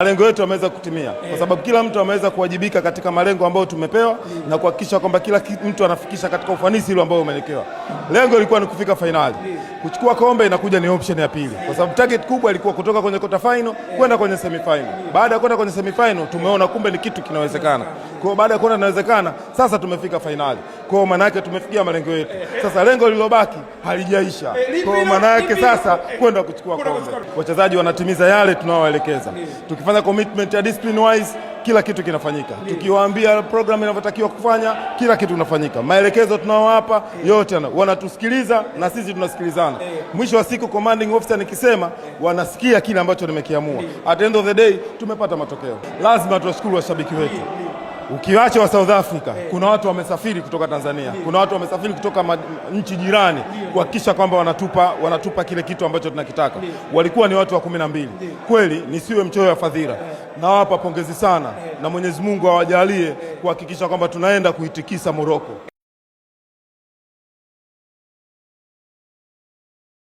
Malengo yetu yameweza kutimia kwa eh. sababu kila mtu ameweza kuwajibika katika malengo ambayo tumepewa na kuhakikisha kwamba kila mtu anafikisha katika ufanisi ile ambayo umeelekewa. Lengo lilikuwa ni kufika fainali. Eh. Kuchukua kombe inakuja ni option ya pili, kwa sababu target kubwa ilikuwa kutoka kwenye quarter final kwenda kwenye semi final. Baada ya kwenda kwenye semi final, tumeona kumbe ni kitu kinawezekana. Kwa hiyo baada ya kuona inawezekana, sasa tumefika fainali. Kwa hiyo maana yake tumefikia malengo yetu. Sasa lengo lililobaki halijaisha. Eh, kwa hiyo maana yake sasa kwenda kuchukua kombe, wachezaji wanatimiza yale tunaowaelekeza tunafanya commitment ya discipline wise, kila kitu kinafanyika. Tukiwaambia program inavyotakiwa kufanya, kila kitu kinafanyika. Maelekezo yeah. yote wanatusikiliza na sisi tunasikilizana. Mwisho wa siku commanding officer nikisema, wanasikia kile ambacho nimekiamua. At the end of the day tumepata matokeo. Lazima tuwashukuru washabiki wetu. Ukiwacha wa South Africa hey, kuna watu wamesafiri kutoka Tanzania hey, kuna watu wamesafiri kutoka nchi jirani kuhakikisha kwamba wanatupa, wanatupa kile kitu ambacho tunakitaka hey. Walikuwa ni watu wa kumi na mbili hey. Kweli nisiwe mchoyo wa fadhila hey. Nawapa pongezi sana hey. Na Mwenyezi Mungu awajalie hey, kuhakikisha kwamba tunaenda kuitikisa Moroko.